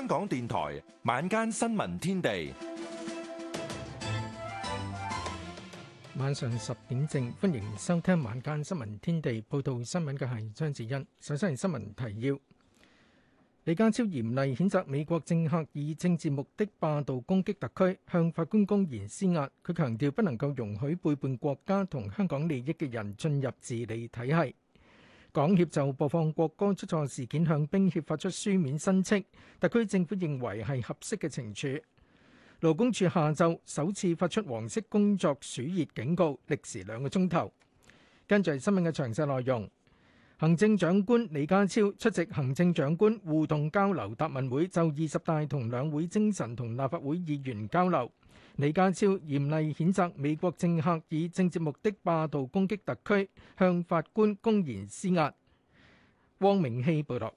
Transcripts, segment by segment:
香港電台晚間新聞天地，晚上十點正，歡迎收聽晚間新聞天地。報道新聞嘅係張子欣，首先係新聞提要。李家超嚴厲譴責美國政客以政治目的霸道攻擊特區，向法官公然施壓。佢強調不能夠容許背叛國家同香港利益嘅人進入治理體系。港協就播放國歌出錯事件向冰協發出書面申斥，特區政府認為係合適嘅懲處。勞工處下晝首次發出黃色工作暑熱警告，歷時兩個鐘頭。跟住係新聞嘅詳細內容，行政長官李家超出席行政長官互動交流答問會，就二十大同兩會精神同立法會議員交流。李家超嚴厲譴責美國政客以政治目的霸道攻擊特區，向法官公然施壓。汪明熙報道。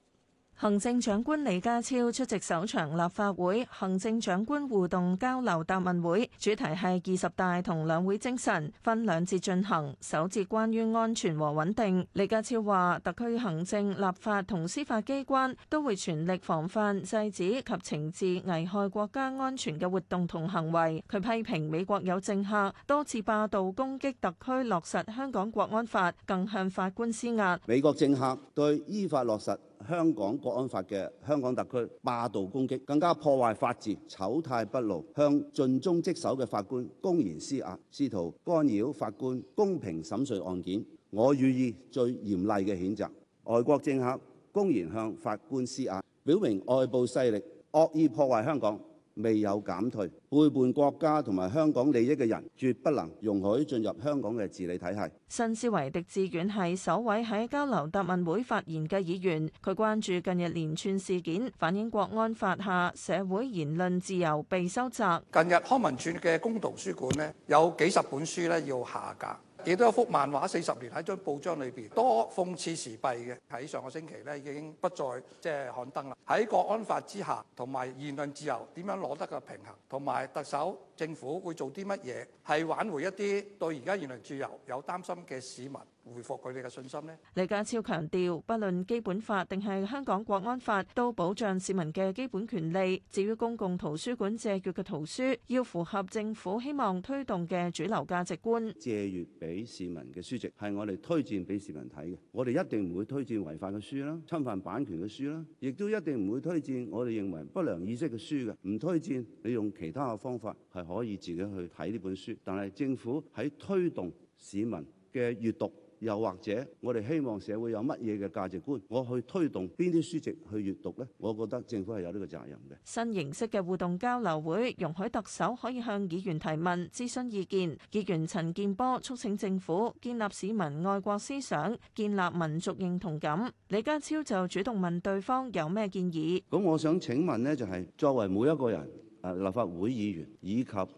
行政長官李家超出席首場立法會行政長官互動交流答問會，主題係二十大同兩會精神，分兩節進行。首節關於安全和穩定。李家超話：特區行政、立法同司法機關都會全力防範、制止及懲治危害國家安全嘅活動同行為。佢批評美國有政客多次霸道攻擊特區落實香港國安法，更向法官施壓。美國政客對依法落實香港國安法嘅香港特區霸道攻擊，更加破壞法治、醜態畢露，向盡忠職守嘅法官公然施壓，試圖干擾法官公平審訊案件，我予以最嚴厲嘅譴責。外國政客公然向法官施壓，表明外部勢力惡意破壞香港。未有減退，背叛國家同埋香港利益嘅人，絕不能容許進入香港嘅治理體系。新思維狄志遠係首位喺交流答問會發言嘅議員，佢關注近日連串事件反映國安法下社會言論自由被收窄。近日康文署嘅公圖書館咧，有幾十本書咧要下架。幾多幅漫畫，四十年喺張報章裏面多諷刺時弊嘅，喺上個星期呢已經不再即係刊登啦。喺國安法之下同埋言論自由點樣攞得個平衡同埋特首？政府會做啲乜嘢，係挽回一啲對而家言論自由有擔心嘅市民，回覆佢哋嘅信心呢？李家超強調，不論基本法定係香港國安法，都保障市民嘅基本權利。至於公共圖書館借閲嘅圖書，要符合政府希望推動嘅主流價值觀。借閲俾市民嘅書籍，係我哋推薦俾市民睇嘅。我哋一定唔會推薦違法嘅書啦，侵犯版權嘅書啦，亦都一定唔會推薦我哋認為不良意識嘅書嘅。唔推薦，你用其他嘅方法係。可以自己去睇呢本書，但係政府喺推動市民嘅閱讀，又或者我哋希望社會有乜嘢嘅價值觀，我去推動邊啲書籍去閱讀咧？我覺得政府係有呢個責任嘅。新形式嘅互動交流會容許特首可以向議員提問、諮詢意見，議員陳建波促請政府建立市民愛國思想、建立民族認同感。李家超就主動問對方有咩建議。咁我想請問咧、就是，就係作為每一個人。誒立法會議員以及誒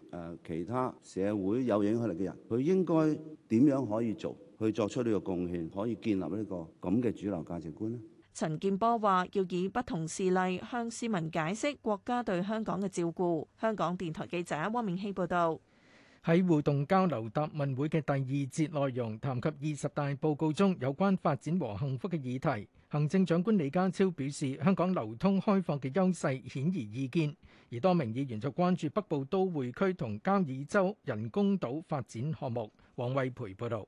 其他社會有影響力嘅人，佢應該點樣可以做，去作出呢個貢獻，可以建立呢個咁嘅主流價值觀呢？陳建波話：要以不同事例向市民解釋國家對香港嘅照顧。香港電台記者汪明希報導。喺互動交流答問會嘅第二節內容，談及二十大報告中有關發展和幸福嘅議題。行政長官李家超表示，香港流通開放嘅優勢顯而易見，而多名議員就關注北部都會區同交椅洲人工島發展項目。王惠培報導。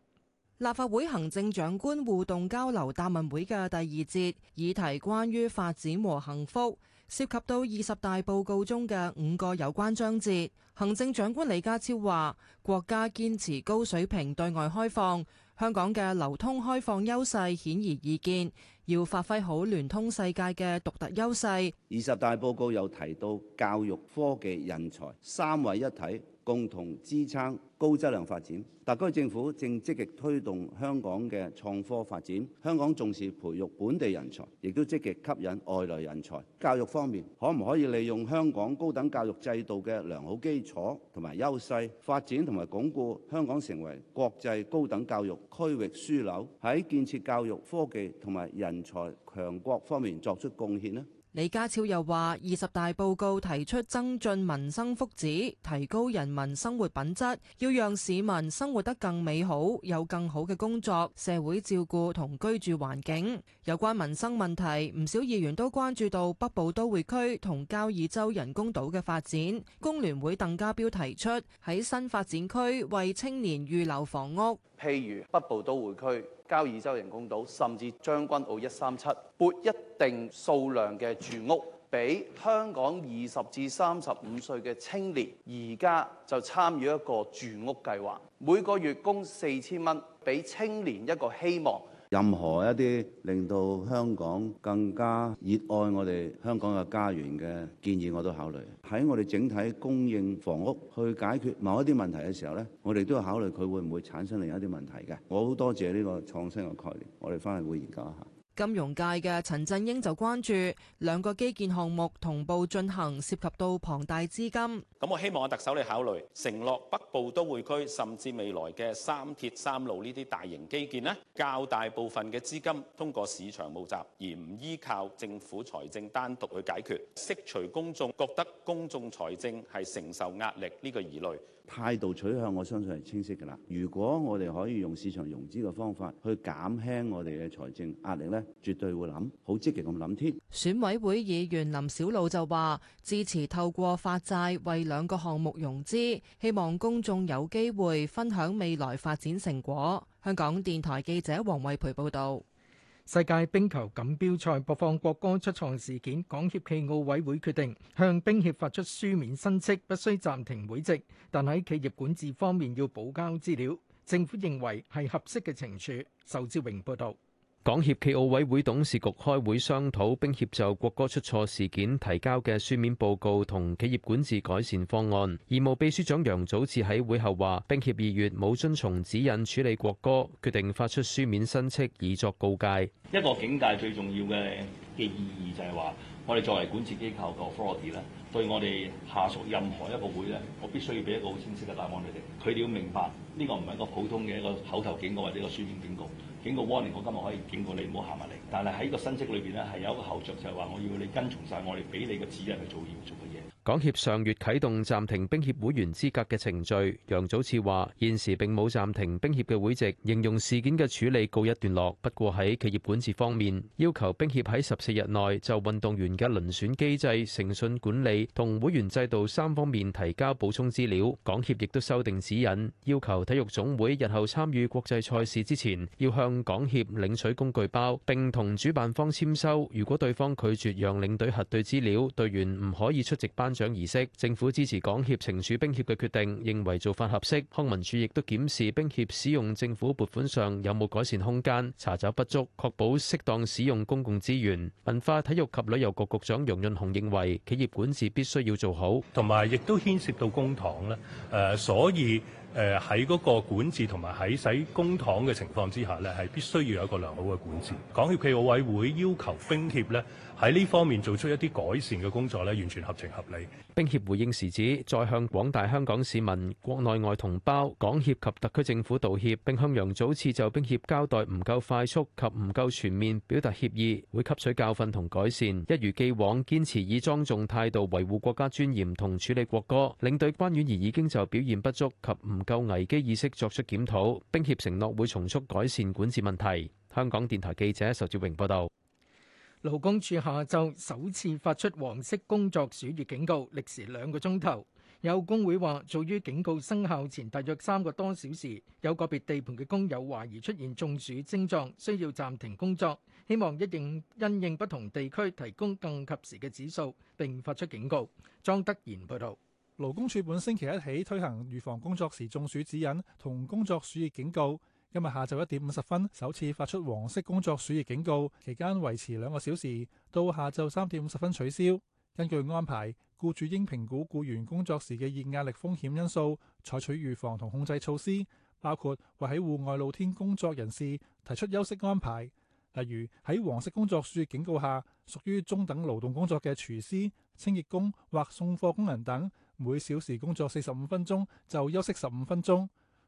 立法會行政長官互動交流答問會嘅第二節議題關於發展和幸福，涉及到二十大報告中嘅五個有關章節。行政長官李家超話：國家堅持高水平對外開放。香港嘅流通開放優勢顯而易見，要發揮好聯通世界嘅獨特優勢。二十大報告有提到教育、科技、人才三位一體。共同支撐高質量發展，特區政府正積極推動香港嘅創科發展。香港重視培育本地人才，亦都積極吸引外來人才。教育方面，可唔可以利用香港高等教育制度嘅良好基礎同埋優勢，發展同埋鞏固香港成為國際高等教育區域樞紐，喺建設教育科技同埋人才強國方面作出貢獻呢？李家超又話：二十大報告提出增進民生福祉，提高人民生活品質，要讓市民生活得更美好，有更好嘅工作、社會照顧同居住環境。有關民生問題，唔少議員都關注到北部都會區同交椅洲人工島嘅發展。工聯會鄧家彪提出喺新發展區為青年預留房屋，譬如北部都會區。交椅洲人工島，甚至將軍澳一三七撥一定數量嘅住屋，俾香港二十至三十五歲嘅青年，而家就參與一個住屋計劃，每個月供四千蚊，俾青年一個希望。任何一啲令到香港更加熱愛我哋香港嘅家園嘅建議，我都考慮。喺我哋整體供應房屋去解決某一啲問題嘅時候咧，我哋都要考慮佢會唔會產生另一啲問題嘅。我好多謝呢個創新嘅概念，我哋翻去會研究一下。金融界嘅陳振英就關注兩個基建項目同步進行，涉及到龐大資金。咁我希望啊，特首你考慮承諾北部都會區，甚至未來嘅三鐵三路呢啲大型基建咧，較大部分嘅資金通過市場募集，而唔依靠政府財政單獨去解決，釋除公眾覺得公眾財政係承受壓力呢個疑慮。態度取向我相信係清晰嘅啦。如果我哋可以用市場融資嘅方法去減輕我哋嘅財政壓力呢，絕對會諗好積極咁諗添。選委會議員林小露就話：支持透過發債為兩個項目融資，希望公眾有機會分享未來發展成果。香港電台記者黃惠培報道。世界冰球錦標賽播放國歌出錯事件，港協暨奧委會決定向冰協發出書面申斥，不需暫停會籍，但喺企業管治方面要補交資料。政府認為係合適嘅懲處。仇志榮報道。港協暨奧委會董事局開會商討冰協就國歌出錯事件提交嘅書面報告同企業管治改善方案。義務秘書長楊祖智喺會後話：冰協二月冇遵從指引處理國歌，決定發出書面申斥，以作告戒。一個警戒最重要嘅嘅意義就係話，我哋作為管治機構個 authority 咧，對我哋下屬任何一個會咧，我必須要俾一個好清晰嘅答案佢哋。佢哋要明白呢個唔係一個普通嘅一個口頭警告或者一個書面警告。警告 warning，我今日可以警告你，唔好行埋嚟。但係喺個新職裏邊咧，係有一個後續，就係話我要你跟從晒我哋俾你嘅指令去做嘢做。港協上月啟動暫停冰協會員資格嘅程序，楊祖賜話：現時並冇暫停冰協嘅會籍，形容事件嘅處理告一段落。不過喺企業管治方面，要求冰協喺十四日內就運動員嘅遴選機制、誠信管理同會員制度三方面提交補充資料。港協亦都修訂指引，要求體育總會日後參與國際賽事之前，要向港協領取工具包並同主辦方簽收。如果對方拒絕讓領隊核對資料，隊員唔可以出席頒上儀式，政府支持港協懲處冰協嘅決定，認為做法合適。康文署亦都檢視冰協使用政府撥款上有冇改善空間，查找不足，確保適當使用公共資源。文化體育及旅遊局局，局長楊潤雄認為，企業管治必須要做好，同埋亦都牽涉到公帑咧。誒，所以誒喺嗰個管治同埋喺使公帑嘅情況之下咧，係必須要有一個良好嘅管治。港協暨奧委會要求冰協咧。喺呢方面做出一啲改善嘅工作咧，完全合情合理。冰協回應時指，再向廣大香港市民、國內外同胞、港協及特區政府道歉，並向楊祖賜，就冰協交代唔夠快速及唔夠全面表達歉意，會吸取教訓同改善，一如既往堅持以莊重態度維護國家尊嚴同處理國歌。領隊關婉兒已經就表現不足及唔夠危機意識作出檢討，冰協承諾會從速改善管治問題，香港電台記者仇志榮報道。勞工處下晝首次發出黃色工作暑熱警告，歷時兩個鐘頭。有工會話，早於警告生效前大約三個多小時，有個別地盤嘅工友懷疑出現中暑症狀，需要暫停工作。希望一應因應不同地區提供更及時嘅指數，並發出警告。莊德賢報道。勞工處本星期一起推行預防工作時中暑指引同工作暑熱警告。今日下晝一點五十分首次發出黃色工作暑熱警告，期間維持兩個小時，到下晝三點五十分取消。根據安排，僱主應評估僱員工作時嘅熱壓力風險因素，採取預防同控制措施，包括為喺戶外露天工作人士提出休息安排，例如喺黃色工作暑熱警告下，屬於中等勞動工作嘅廚師、清潔工或送貨工人等，每小時工作四十五分鐘就休息十五分鐘。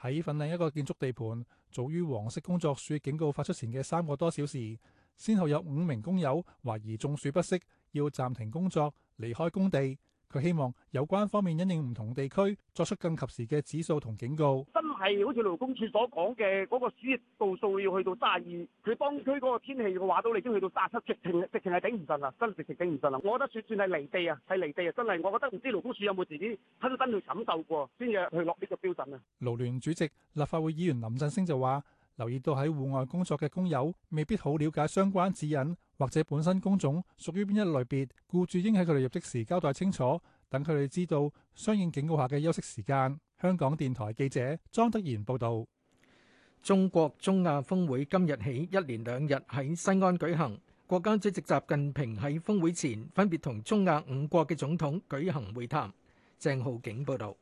喺粉嶺一個建築地盤，早於黃色工作暑警告發出前嘅三個多小時，先後有五名工友懷疑中暑不適，要暫停工作，離開工地。佢希望有關方面因應唔同地區，作出更及時嘅指數同警告。係好似勞工處所講嘅嗰個暑熱度數要去到卅二，佢當區嗰個天氣嘅話都已經去到卅七，直情直情係頂唔順啦，真係直情頂唔順啦。我覺得算算係離地啊，係離地啊，真係。我覺得唔知勞工處有冇自己親身去感受過先至去落呢個標準啊。勞聯主席立法會議員林振昇就話：留意到喺戶外工作嘅工友未必好了解相關指引，或者本身工種屬於邊一類別，雇主應喺佢哋入職時交代清楚，等佢哋知道相應警告下嘅休息時間。香港電台記者莊德賢報道：中國中亞峰會今日起一連兩日喺西安舉行，國家主席習近平喺峰會前分別同中亞五國嘅總統舉行會談。鄭浩景報道。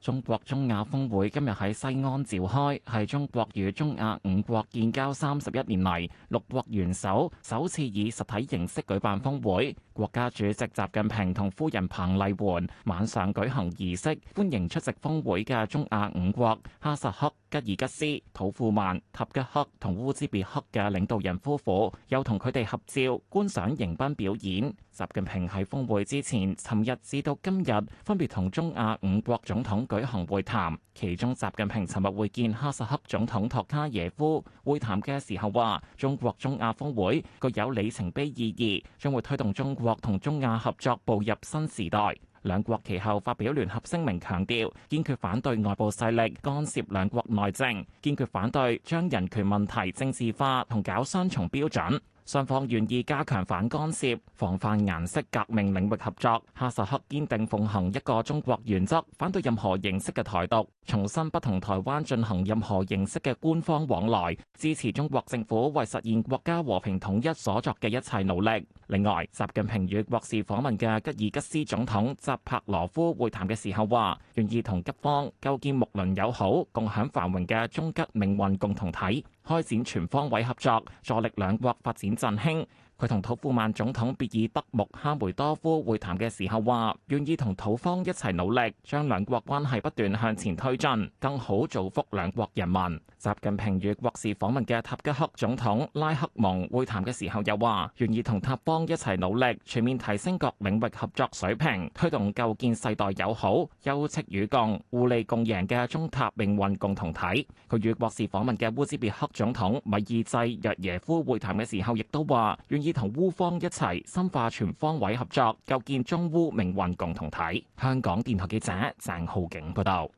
中國中亞峰會今日喺西安召開，係中國與中亞五國建交三十一年嚟，六國元首首次以實體形式舉辦峰會。國家主席習近平同夫人彭麗媛晚上舉行儀式，歡迎出席峰會嘅中亞五國哈薩克、吉爾吉斯、土庫曼、塔吉克同烏茲別克嘅領導人夫婦，又同佢哋合照，觀賞迎賓表演。習近平喺峰會之前，尋日至到今日分別同中亞五國總統舉行會談，其中，習近平尋日會見哈薩克總統托卡耶夫，會談嘅時候話，中國中亞峰會具有里程碑意義，將會推動中國同中亞合作步入新時代。兩國其後發表聯合聲明，強調堅決反對外部勢力干涉兩國內政，堅決反對將人權問題政治化同搞雙重標準。雙方願意加強反干涉、防範顏色革命領域合作。哈薩克堅定奉行一個中國原則，反對任何形式嘅台獨，重申不同台灣進行任何形式嘅官方往來，支持中國政府為實現國家和平統一所作嘅一切努力。另外，習近平與國事訪問嘅吉爾吉斯總統扎帕羅夫會談嘅時候話，願意同吉方構建睦鄰友好、共享繁榮嘅中吉命運共同體。開展全方位合作，助力兩國發展振興。佢同土庫曼總統別爾德穆哈梅多夫會談嘅時候話，願意同土方一齊努力，將兩國關係不斷向前推進，更好造福兩國人民。習近平與國事訪問嘅塔吉克總統拉克蒙會談嘅時候又話，願意同塔方一齊努力，全面提升各領域合作水平，推動構建世代友好、休戚與共、互利共贏嘅中塔命運共同體。佢與國事訪問嘅烏茲別克總統米爾濟約耶夫會談嘅時候亦都話，願意。同烏方一齊深化全方位合作，構建中烏命運共同體。香港電台記者鄭浩景報道，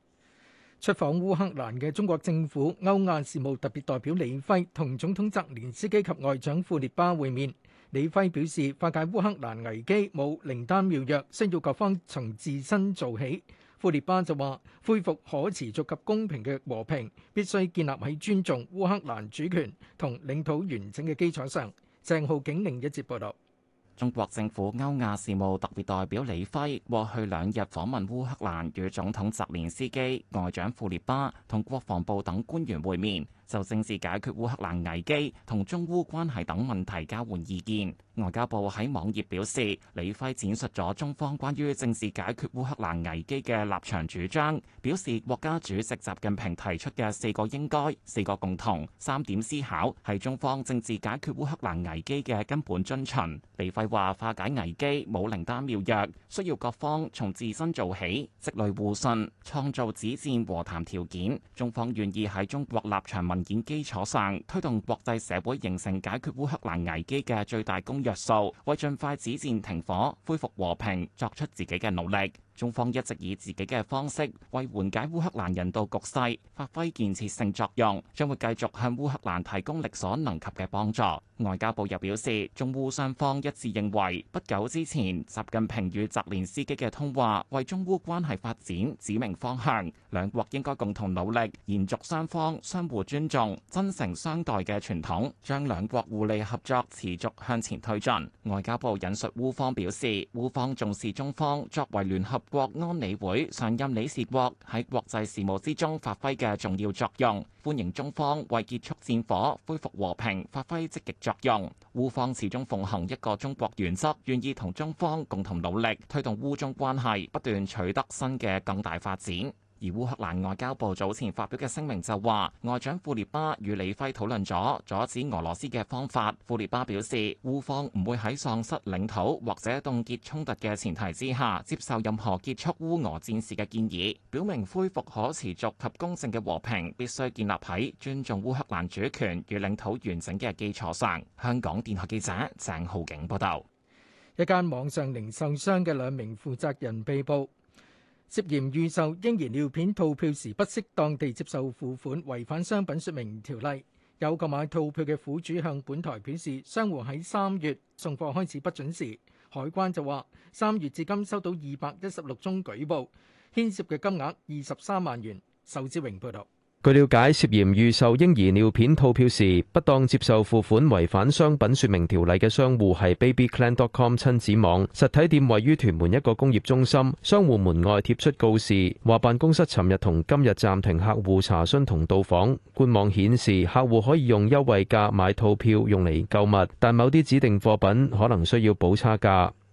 出訪烏克蘭嘅中國政府歐亞事務特別代表李輝同總統澤連斯基及外長庫列巴會面。李輝表示，化解烏克蘭危機冇靈丹妙藥，需要各方從自身做起。庫列巴就話，恢復可持續及公平嘅和平，必須建立喺尊重烏克蘭主權同領土完整嘅基礎上。鄭浩景另一節報道，中國政府歐亞事務特別代表李輝過去兩日訪問烏克蘭，與總統澤連斯基、外長庫列巴同國防部等官員會面。就政治解決烏克蘭危機同中烏關係等問題交換意見，外交部喺網頁表示，李輝展述咗中方關於政治解決烏克蘭危機嘅立場主張，表示國家主席習近平提出嘅四個應該、四個共同、三點思考係中方政治解決烏克蘭危機嘅根本遵循。李輝話化解危機冇靈丹妙藥，需要各方從自身做起，積累互信，創造止戰和談條件。中方願意喺中國立場問。件基礎上推動國際社會形成解決烏克蘭危機嘅最大公約數，為盡快止戰停火、恢復和平作出自己嘅努力。中方一直以自己嘅方式為緩解烏克蘭人道局勢發揮建設性作用，將會繼續向烏克蘭提供力所能及嘅幫助。外交部又表示，中烏雙方一致認為，不久之前習近平與澤連斯基嘅通話為中烏關係發展指明方向，兩國應該共同努力，延續雙方相互尊重、真誠相待嘅傳統，將兩國互利合作持續向前推進。外交部引述烏方表示，烏方重視中方作為聯合國安理會常任理事國喺國際事務之中發揮嘅重要作用，歡迎中方為結束戰火、恢復和平發揮積極作用。烏方始終奉行一個中國原則，願意同中方共同努力，推動烏中關係不斷取得新嘅更大發展。而烏克蘭外交部早前發表嘅聲明就話，外長庫列巴與李輝討論咗阻止俄羅斯嘅方法。庫列巴表示，烏方唔會，喺喪失領土或者凍結衝突嘅前提之下，接受任何結束烏俄戰事嘅建議，表明恢復可持續及公正嘅和平，必須建立喺尊重烏克蘭主權與領土完整嘅基礎上。香港電台記者鄭浩景報道，一間網上零售商嘅兩名負責人被捕。涉嫌預售嬰兒尿片套票時，不適當地接受付款，違反商品説明條例。有購買套票嘅苦主向本台表示，商戶喺三月送貨開始不准時。海關就話，三月至今收到二百一十六宗舉報，牽涉嘅金額二十三萬元。仇志榮報道。據了解，涉嫌預售嬰兒尿片套票時，不當接受付款，違反商品說明條例嘅商戶係 babycland.com 親子網，實體店位於屯門一個工業中心。商戶門外貼出告示，話辦公室尋日同今日暫停客戶查詢同到訪。官網顯示，客戶可以用優惠價買套票用嚟購物，但某啲指定貨品可能需要補差價。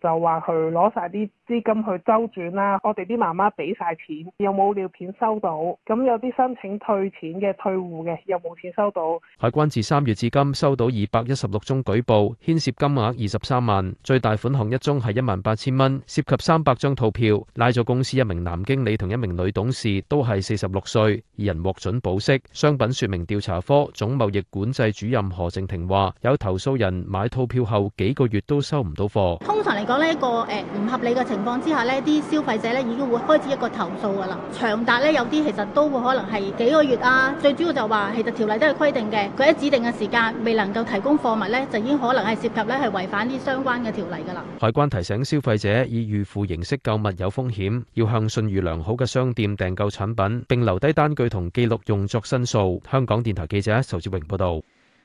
就話去攞晒啲資金去周轉啦，我哋啲媽媽俾晒錢，又冇尿片收到。咁有啲申請退錢嘅退戶嘅，又冇錢收到。海關自三月至今收到二百一十六宗舉報，牽涉金額二十三萬，最大款項一宗係一萬八千蚊，涉及三百張套票，拉咗公司一名男經理同一名女董事，都係四十六歲，二人獲准保釋。商品説明調查科總貿易管制主任何靜婷話：有投訴人買套票後幾個月都收唔到貨。嚟講呢，一個誒唔合理嘅情況之下呢，啲消費者呢已經會開始一個投訴噶啦。長達呢，有啲其實都會可能係幾個月啊，最主要就話其實條例都係規定嘅，佢喺指定嘅時間未能夠提供貨物呢，就已經可能係涉及呢係違反呢相關嘅條例噶啦。海關提醒消費者，以預付形式購物有風險，要向信譽良好嘅商店訂購產品，並留低單據同記錄用作申訴。香港電台記者仇志榮報道。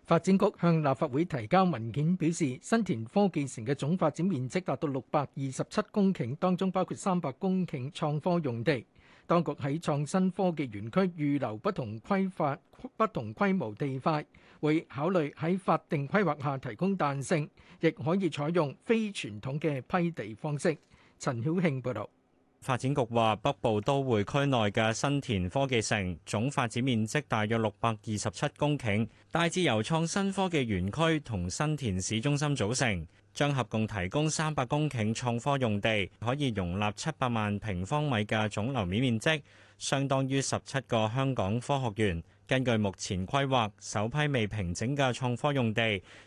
發展局向立法會提交文件表示，新田科技城嘅總發展面積達到六百二十七公頃，當中包括三百公頃創科用地。當局喺創新科技園區預留不同規劃、不同規模地塊，會考慮喺法定規劃下提供彈性，亦可以採用非傳統嘅批地方式。陳曉慶報道。發展局話，北部都會區內嘅新田科技城總發展面積大約六百二十七公頃，大致由創新科技園區同新田市中心組成，將合共提供三百公頃創科用地，可以容納七百萬平方米嘅總樓面面積，相當於十七個香港科學園。根據目前規劃，首批未平整嘅創科用地，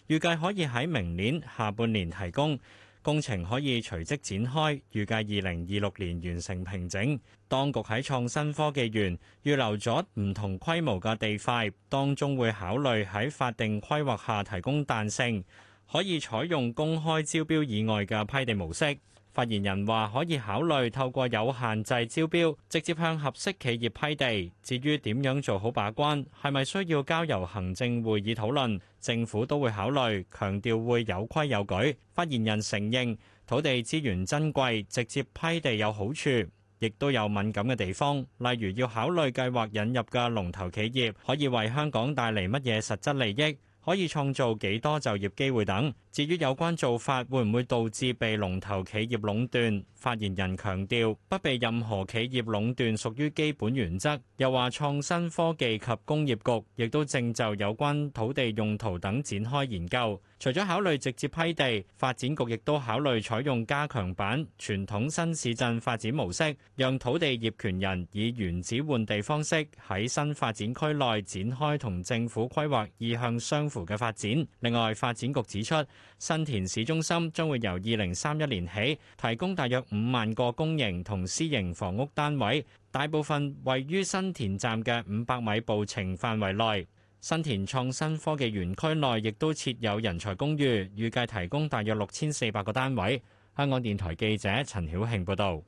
預計可以喺明年下半年提供。工程可以隨即展開，預計二零二六年完成平整。當局喺創新科技園預留咗唔同規模嘅地塊，當中會考慮喺法定規劃下提供彈性，可以採用公開招標以外嘅批地模式。發言人話可以考慮透過有限制招標，直接向合適企業批地。至於點樣做好把關，係咪需要交由行政會議討論，政府都會考慮，強調會有規有矩。發言人承認，土地資源珍貴，直接批地有好處，亦都有敏感嘅地方，例如要考慮計劃引入嘅龍頭企業，可以為香港帶嚟乜嘢實質利益，可以創造幾多就業機會等。至於有關做法會唔會導致被龍頭企業壟斷，發言人強調，不被任何企業壟斷屬於基本原則。又話創新科技及工業局亦都正就有關土地用途等展開研究。除咗考慮直接批地，發展局亦都考慮採用加強版傳統新市鎮發展模式，讓土地業權人以原址換地方式喺新發展區內展開同政府規劃意向相符嘅發展。另外，發展局指出，新田市中心將會由二零三一年起提供大約五萬個公營同私營房屋單位，大部分位於新田站嘅五百米步程範圍內。新田創新科技園區內亦都設有人才公寓，預計提供大約六千四百個單位。香港電台記者陳曉慶報導。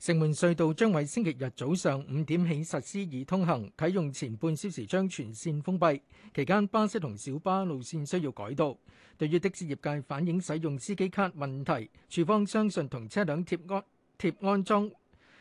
城門隧道將為星期日早上五點起實施易通行，啟用前半小時將全線封閉，期間巴士同小巴路線需要改道。對於的士業界反映使用司機卡問題，署方相信同車輛貼安貼安裝。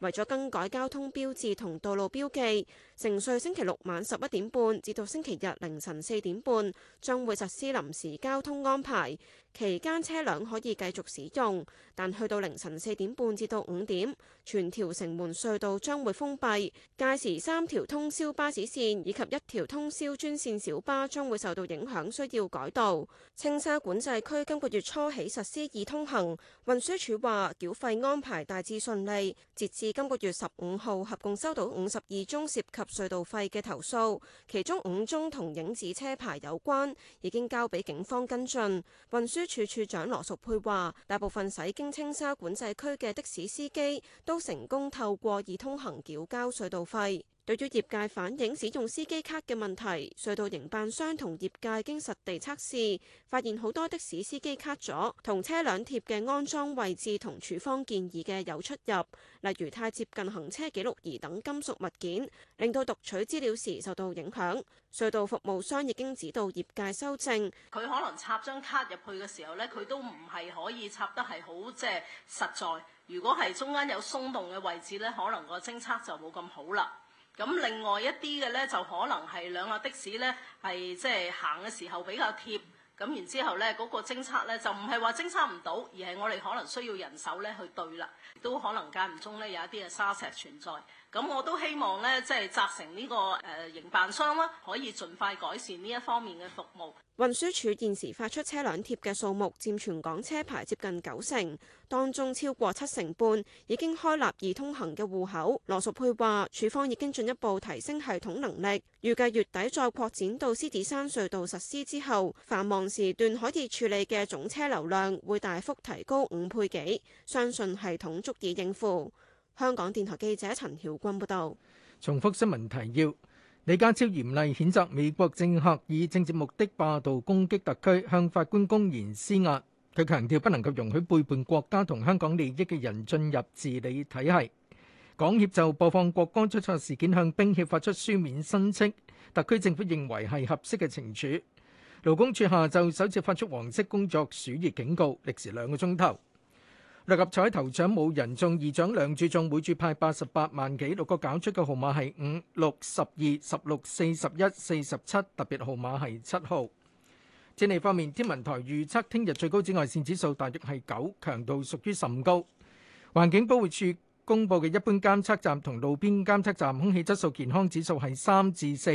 為咗更改交通標誌同道路標記，城隧星期六晚十一點半至到星期日凌晨四點半將會實施臨時交通安排，期間車輛可以繼續使用，但去到凌晨四點半至到五點，全條城門隧道將會封閉。屆時三條通宵巴士線以及一條通宵專線小巴將會受到影響，需要改道。青沙管制區今個月初起實施易通行，運輸署話繳費安排大致順利，截至。至今個月十五號，合共收到五十二宗涉及隧道費嘅投訴，其中五宗同影子車牌有關，已經交俾警方跟進。運輸署署長羅淑佩話：大部分駛經青沙管制區嘅的，的士司機都成功透過易通行繳交隧道費。對住業界反映使用司機卡嘅問題，隧道營辦商同業界經實地測試，發現好多的士司機卡咗同車輛貼嘅安裝位置同處方建議嘅有出入，例如太接近行車記錄儀等金屬物件，令到讀取資料時受到影響。隧道服務商已經指導業界修正。佢可能插張卡入去嘅時候呢，佢都唔係可以插得係好即係實在。如果係中間有鬆動嘅位置呢，可能個偵測就冇咁好啦。咁另外一啲嘅呢，就可能係兩個的士呢，係即係行嘅時候比較貼，咁然之後咧，嗰個偵測咧就唔係話偵測唔到，而係我哋可能需要人手呢去對啦，都可能間唔中咧有一啲嘅沙石存在。咁我都希望呢，即係集成呢個誒營辦商啦，可以盡快改善呢一方面嘅服務。運輸署現時發出車輛貼嘅數目佔全港車牌接近九成，當中超過七成半已經開立易通行嘅戶口。羅淑佩話，署方已經進一步提升系統能力，預計月底再擴展到獅子山隧道實施之後，繁忙時段可以處理嘅總車流量會大幅提高五倍幾，相信系統足以應付。香港電台記者陳曉君報道。重複新聞提要：李家超嚴厲譴責美國政客以政治目的霸道攻擊特區，向法官公然施壓。佢強調不能夠容許背叛國家同香港利益嘅人進入治理體系。港協就播放國歌出錯事件，向冰協發出書面申斥。特區政府認為係合適嘅懲處。勞工處下晝首次發出黃色工作暑熱警告，歷時兩個鐘頭。六合彩頭獎冇人中，二獎兩注中，每注派八十八萬幾。六個搞出嘅號碼係五六十二十六四十一四十七，特別號碼係七號。天氣方面，天文台預測聽日最高紫外線指數大約係九，強度屬於甚高。環境保護署公布嘅一般監測站同路邊監測站空氣質素健康指數係三至四，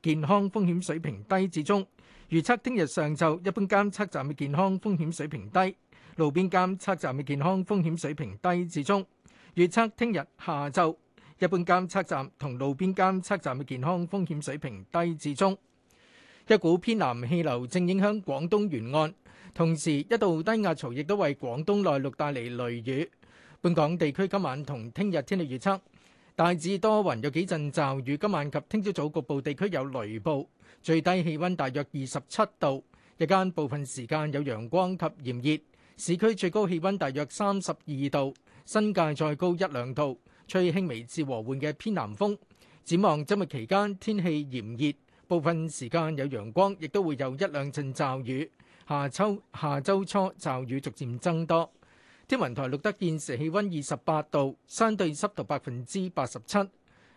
健康風險水平低至中。預測聽日上晝一般監測站嘅健康風險水平低。路邊監測站嘅健康風險水平低至中，預測聽日下晝一般監測站同路邊監測站嘅健康風險水平低至中。一股偏南氣流正影響廣東沿岸，同時一道低壓槽亦都為廣東內陸帶嚟雷雨。本港地區今晚同聽日天氣預測大致多雲，有幾陣驟雨。今晚及聽朝早局部地區有雷暴，最低氣温大約二十七度。日間部分時間有陽光及炎熱。市區最高氣温大約三十二度，新界再高一兩度，吹輕微至和緩嘅偏南風。展望周末期間天氣炎熱，部分時間有陽光，亦都會有一兩陣驟雨。下秋下周初驟雨逐漸增多。天文台錄得現時氣温二十八度，相對濕度百分之八十七。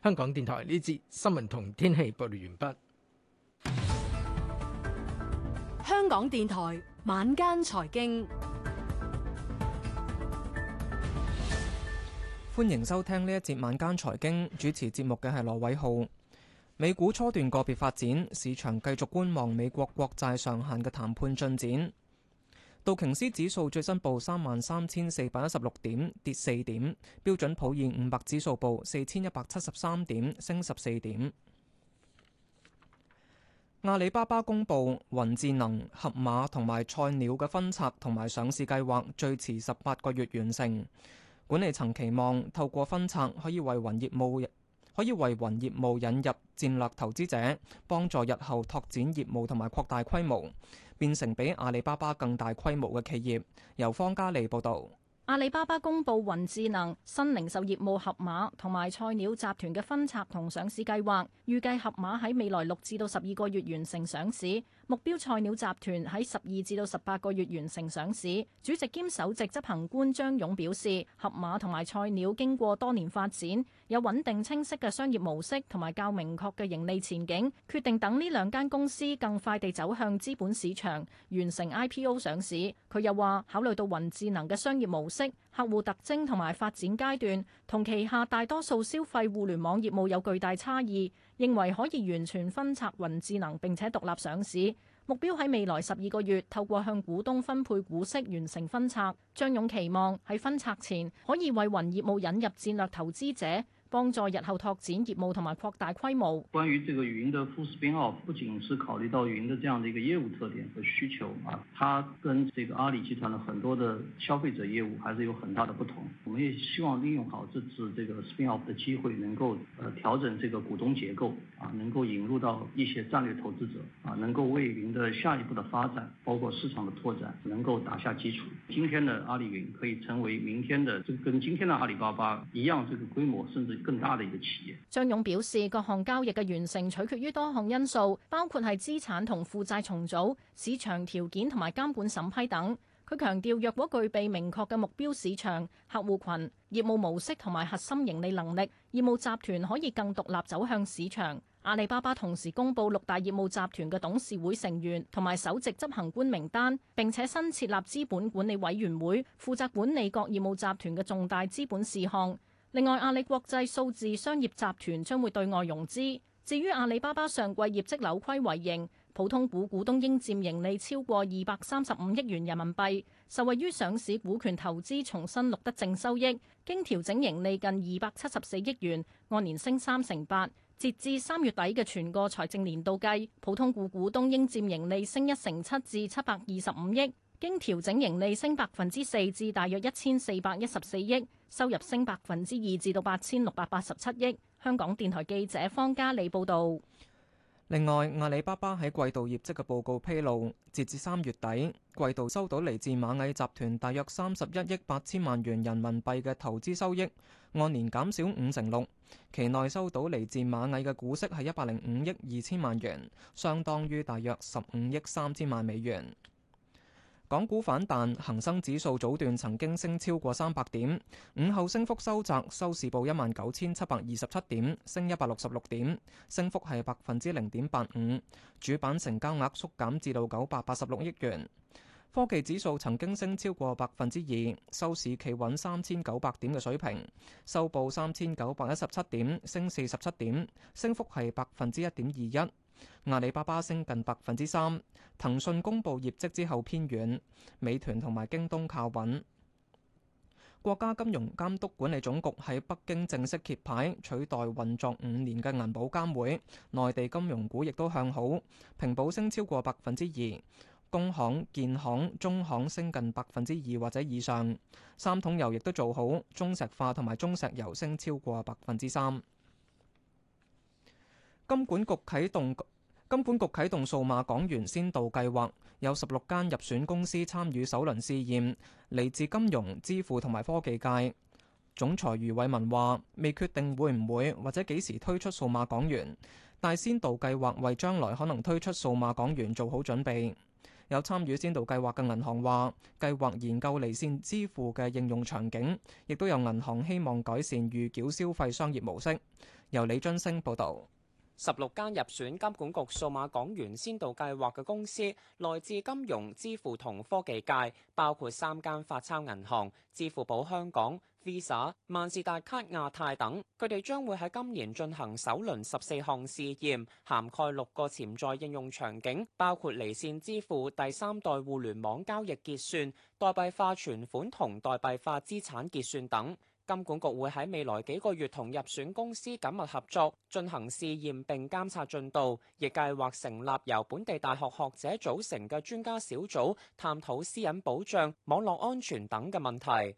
香港電台呢節新聞同天氣報道完畢。香港電台晚間財經。歡迎收聽呢一節晚間財經，主持節目嘅係羅偉浩。美股初段個別發展，市場繼續觀望美國國債上限嘅談判進展。道瓊斯指數最新報三萬三千四百一十六點，跌四點；標準普爾五百指數報四千一百七十三點，升十四點。阿里巴巴公布雲智能、盒馬同埋菜鳥嘅分拆同埋上市計劃，最遲十八個月完成。管理層期望透過分拆可以為雲業務可以為雲業務引入戰略投資者，幫助日後拓展業務同埋擴大規模，變成比阿里巴巴更大規模嘅企業。由方嘉利報導，阿里巴巴公布雲智能、新零售業務盒馬同埋菜鳥集團嘅分拆同上市計劃，預計盒馬喺未來六至到十二個月完成上市。目標菜鳥集團喺十二至到十八個月完成上市。主席兼首席執行官張勇表示，盒馬同埋菜鳥經過多年發展，有穩定清晰嘅商業模式同埋較明確嘅盈利前景，決定等呢兩間公司更快地走向資本市場，完成 IPO 上市。佢又話，考慮到雲智能嘅商業模式，客戶特徵同埋發展階段同旗下大多數消費互聯網業務有巨大差異，認為可以完全分拆雲智能並且獨立上市，目標喺未來十二個月透過向股東分配股息完成分拆。張勇期望喺分拆前可以為雲業務引入戰略投資者。幫助日後拓展業務，同埋擴大規模。關於這個雲的 full spin off，不僅是考慮到雲的這樣的一個業務特點和需求啊，它跟這個阿里集團的很多的消費者業務還是有很大的不同。我們也希望利用好這次這個 spin off 的機會，能夠呃調整這個股東結構啊，能夠引入到一些戰略投資者啊，能夠為雲的下一步的發展，包括市場的拓展，能夠打下基礎。今天的阿里雲可以成為明天的，這個跟今天的阿里巴巴一樣，這個規模甚至。更加張勇表示，各項交易嘅完成取決於多項因素，包括係資產同負債重組、市場條件同埋監管審批等。佢強調，若果具備明確嘅目標市場、客戶群、業務模式同埋核心盈利能力，業務集團可以更獨立走向市場。阿里巴巴同時公布六大業務集團嘅董事會成員同埋首席執行官名單，並且新設立資本管理委員會，負責管理各業務集團嘅重大資本事項。另外，阿里國際數字商業集團將會對外融資。至於阿里巴巴上季業績扭虧為盈，普通股股東應佔盈利超過二百三十五億元人民幣，受惠於上市股權投資重新錄得淨收益，經調整盈利近二百七十四億元，按年升三成八。截至三月底嘅全個財政年度計，普通股股東應佔盈利升一成七至七百二十五億。經調整盈利升百分之四至大約一千四百一十四億，收入升百分之二至到八千六百八十七億。香港電台記者方嘉莉報道。另外，阿里巴巴喺季度業績嘅報告披露，截至三月底季度收到嚟自螞蟻集團大約三十一億八千萬元人民幣嘅投資收益，按年減少五成六。期內收到嚟自螞蟻嘅股息係一百零五億二千萬元，相當於大約十五億三千萬美元。港股反彈，恒生指數早段曾經升超過三百點，午後升幅收窄，收市報一萬九千七百二十七點，升一百六十六點，升幅係百分之零點八五。主板成交額縮減至到九百八十六億元。科技指數曾經升超過百分之二，收市企穩三千九百點嘅水平，收報三千九百一十七點，升四十七點，升幅係百分之一點二一。阿里巴巴升近百分之三，騰訊公布業績之後偏軟，美團同埋京東靠穩。國家金融監督管理總局喺北京正式揭牌，取代運作五年嘅銀保監會。內地金融股亦都向好，平保升超過百分之二，工行、建行、中行升近百分之二或者以上。三桶油亦都做好，中石化同埋中石油升超過百分之三。金管局啟動，金管局啟動數碼港元先導計劃，有十六間入選公司參與首輪試驗，嚟自金融、支付同埋科技界。總裁余偉文話未決定會唔會或者幾時推出數碼港元，但先導計劃為將來可能推出數碼港元做好準備，有參與先導計劃嘅銀行話計劃研究離線支付嘅應用場景，亦都有銀行希望改善預繳消費商業模式。由李津升報道。十六間入選金管局數碼港元先導計劃嘅公司，來自金融、支付同科技界，包括三間發鈔銀行、支付寶香港、Visa、萬事達卡亞太等。佢哋將會喺今年進行首輪十四項試驗，涵蓋六個潛在應用場景，包括離線支付、第三代互聯網交易結算、代幣化存款同代幣化資產結算等。金管局會喺未來幾個月同入選公司緊密合作，進行試驗並監察進度，亦計劃成立由本地大學學者組成嘅專家小組，探討私隱保障、網絡安全等嘅問題。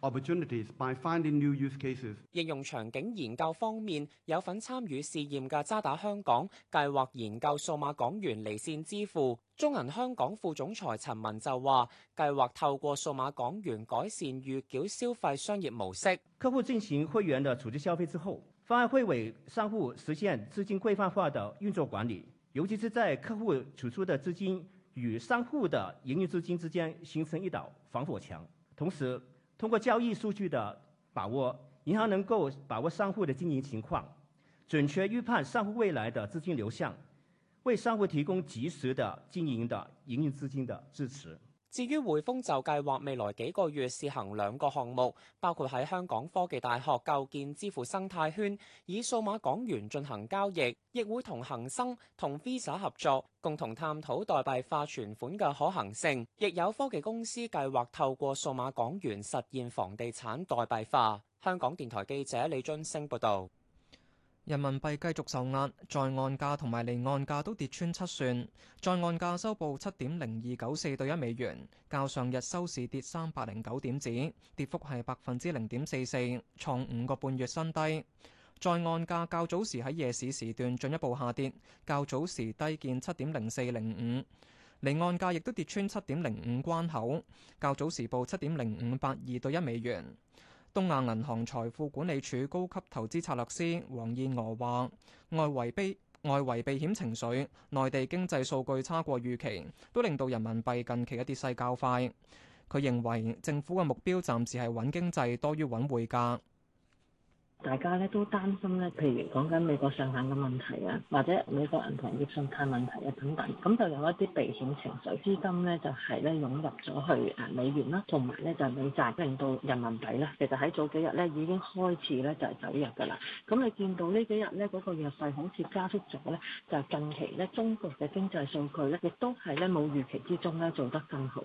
opportunities by finding new use cases. 應用場景研究方面，有份參與試驗嘅渣打香港計劃研究數碼港元離線支付。中銀香港副總裁陳文就話，計劃透過數碼港元改善預繳消費商業模式。客戶進行會員的儲值消費之後，方案會為商戶實現資金規範化的運作管理，尤其是在客戶儲出的資金與商戶的營業資金之間形成一道防火牆，同時。通過交易數據的把握，銀行能夠把握商戶的經營情況，準確預判商戶未來的資金流向，為商戶提供及時的經營的營運資金的支持。至於匯豐就計劃未來幾個月試行兩個項目，包括喺香港科技大學構建支付生態圈，以數碼港元進行交易；亦會同恒生同 Visa 合作，共同探討代幣化存款嘅可行性。亦有科技公司計劃透過數碼港元實現房地產代幣化。香港電台記者李津升報導。人民幣繼續受壓，在岸價同埋離岸價都跌穿七算。在岸價收報七點零二九四對一美元，較上日收市跌三百零九點子，跌幅係百分之零點四四，創五個半月新低。在岸價較早時喺夜市時段進一步下跌，較早時低見七點零四零五，離岸價亦都跌穿七點零五關口，較早時報七點零五八二對一美元。東亞銀行財富管理處高級投資策略師黃燕娥話，外圍悲，外圍避險情緒，內地經濟數據差過預期，都令到人民幣近期嘅跌勢較快。佢認為政府嘅目標暫時係穩經濟多於穩匯價。大家咧都擔心咧，譬如講緊美國上限嘅問題啊，或者美國銀行業信貸問題啊等等，咁就有一啲避險情緒，資金咧就係咧湧入咗去啊美元啦，同埋咧就係美債，令到人民幣咧其實喺早幾日咧已經開始咧就係走弱噶啦。咁你見到呢幾日咧嗰個弱勢好似加速咗咧，就係、近期咧中國嘅經濟數據咧亦都係咧冇預期之中咧做得更好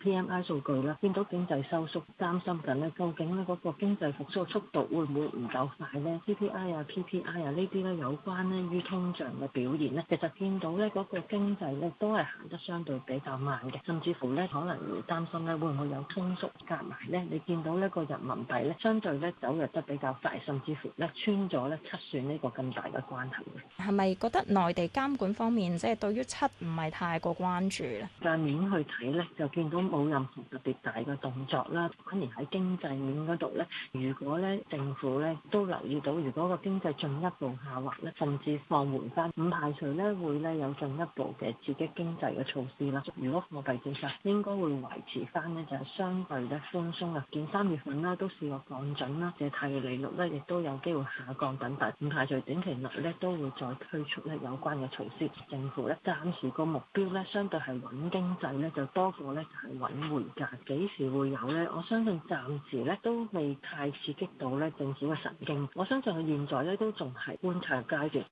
，P M I 數據啦，見到經濟收縮，擔心緊咧究竟咧嗰個經濟復甦速度會唔會唔有快咧 CPI 啊、PPI 啊呢啲咧有關呢於通脹嘅表現咧，其實見到咧嗰個經濟咧都係行得相對比較慢嘅，甚至乎咧可能會擔心咧會唔會有通縮夾埋咧？你見到呢個人民幣咧相對咧走入得比較快，甚至乎咧穿咗咧七算呢個更大嘅關口咧，係咪覺得內地監管方面即係、就是、對於七唔係太過關注咧？上面去睇咧就見到冇任何特別大嘅動作啦，反而喺經濟面嗰度咧，如果咧政府咧。都留意到，如果個經濟進一步下滑咧，甚至放緩翻，唔排除咧會咧有進一步嘅刺激經濟嘅措施啦。如果貨幣政策應該會維持翻咧就係相對咧寬鬆啦。見三月份啦、啊、都試過降準啦，借貸嘅利率咧亦都有機會下降等，但唔排除短期內咧都會再推出咧有關嘅措施。政府咧暫時個目標咧相對係穩經濟咧就多過咧係穩匯價，幾時會有咧？我相信暫時咧都未太刺激到咧政府嘅神。我相信佢現在咧都仲係觀察階段。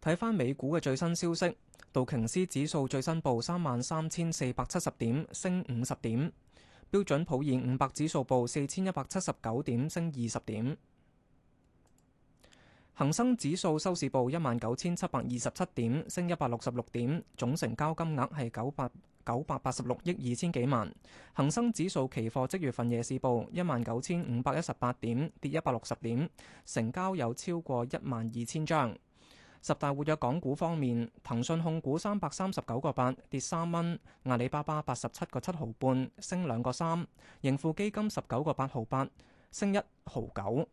睇返美股嘅最新消息，道瓊斯指數最新報三萬三千四百七十點，升五十點；標準普爾五百指數報四千一百七十九點，升二十點。恒生指數收市報一萬九千七百二十七點，升一百六十六點，總成交金額係九百九百八十六億二千幾萬。恒生指數期貨即月份夜市報一萬九千五百一十八點，跌一百六十點，成交有超過一萬二千張。十大活躍港股方面，騰訊控股三百三十九個八，跌三蚊；阿里巴巴八十七個七毫半，升兩個三；盈富基金十九個八毫八，升一毫九。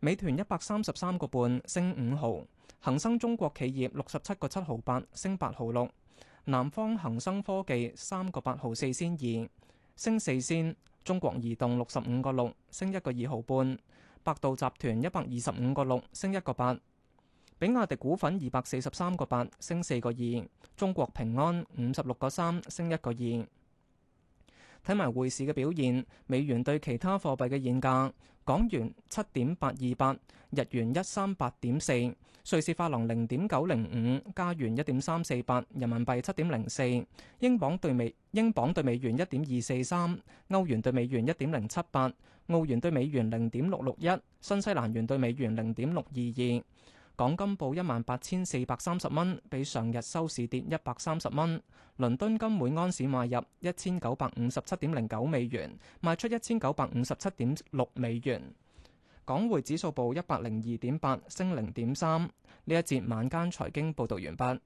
美團一百三十三個半，升五毫，恒生中國企業六十七個七毫八，升八毫六，南方恒生科技三個八毫四仙二，升四仙，中國移動六十五個六，升一個二毫半，百度集團一百二十五個六，升一個八，比亞迪股份二百四十三個八，升四個二，中國平安五十六個三，升一個二。睇埋匯市嘅表現，美元對其他貨幣嘅現價，港元七點八二八，日元一三八點四，瑞士法郎零點九零五，加元一點三四八，人民幣七點零四，英鎊對美，英鎊對美元一點二四三，歐元對美元一點零七八，澳元對美元零點六六一，新西蘭元對美元零點六二二。港金報一萬八千四百三十蚊，比上日收市跌一百三十蚊。倫敦金每安士買入一千九百五十七點零九美元，賣出一千九百五十七點六美元。港匯指數報一百零二點八，升零點三。呢一節晚間財經報導完畢。